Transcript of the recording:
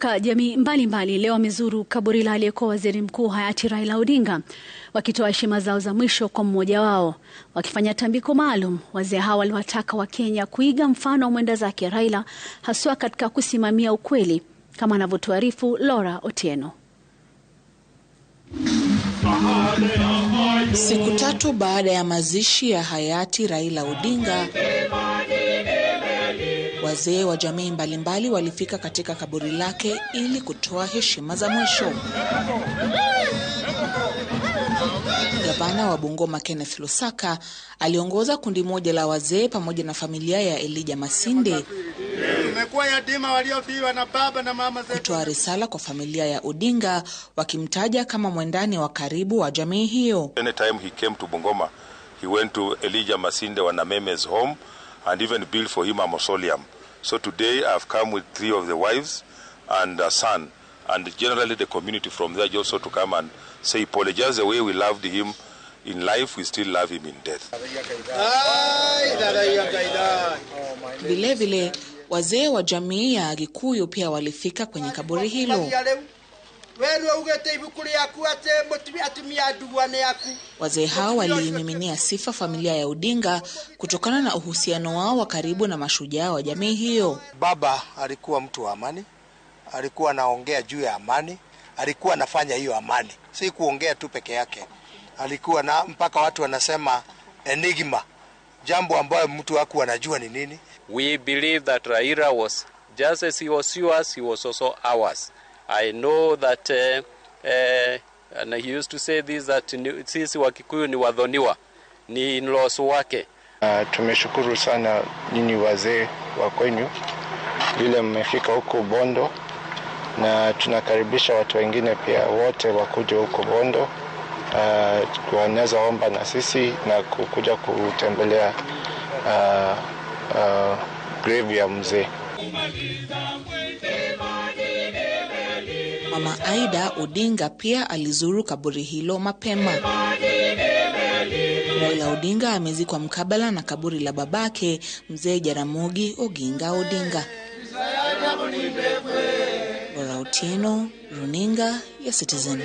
Ka jamii mbalimbali leo wamezuru kaburi la aliyekuwa waziri mkuu hayati Raila Odinga wakitoa heshima zao za mwisho kwa mmoja wao. Wakifanya tambiko maalum, wazee hao waliwataka Wakenya kuiga mfano wa mwenda zake Raila, haswa katika kusimamia ukweli, kama anavyotuarifu Laura Otieno. Siku tatu baada ya mazishi ya hayati Raila Odinga Wazee wa jamii mbalimbali walifika katika kaburi lake ili kutoa heshima za mwisho. Gavana wa Bungoma Kenneth Lusaka aliongoza kundi moja la wazee pamoja na familia ya Elija Masinde kutoa risala kwa familia ya Odinga wakimtaja kama mwendani wa karibu wa jamii hiyo. Anytime he came to Bungoma, he went to Masinde home and even built for him a mausoleum. So today I've come with three of the wives and a son, and generally the community from there also to come and say, apologize the way we loved him in life, we still love him in death. Vilevile wazee wa jamii ya Agikuyu pia walifika kwenye kaburi hilo wewe ugete ibukuri yaku ate atumia nduguane yaku. Wazee hao waliimiminia sifa familia ya Odinga kutokana na uhusiano wao wa karibu na mashujaa wa jamii hiyo. Baba alikuwa mtu wa amani, alikuwa anaongea juu ya amani, alikuwa anafanya hiyo amani, si kuongea tu peke yake, alikuwa na mpaka watu wanasema enigma, jambo ambayo mtu hakuwa anajua ni nini. We believe that Raila was just as he was yours, he was also ours. I know that uh, uh, and he used to say this that sisi Wakikuyu ni wadhoniwa, ni in-laws wake. Uh, tumeshukuru sana nyinyi wazee wa kwenyu vile mmefika huko Bondo, na tunakaribisha watu wengine pia wote wakuja huko Bondo. Uh, wanaweza omba na sisi na kukuja kutembelea uh, uh, grave ya mzee Mama Aida Odinga pia alizuru kaburi hilo mapema. Raila Odinga amezikwa mkabala na kaburi la babake Mzee Jaramogi Oginga Odinga. Bora Otieno, Runinga ya Citizen.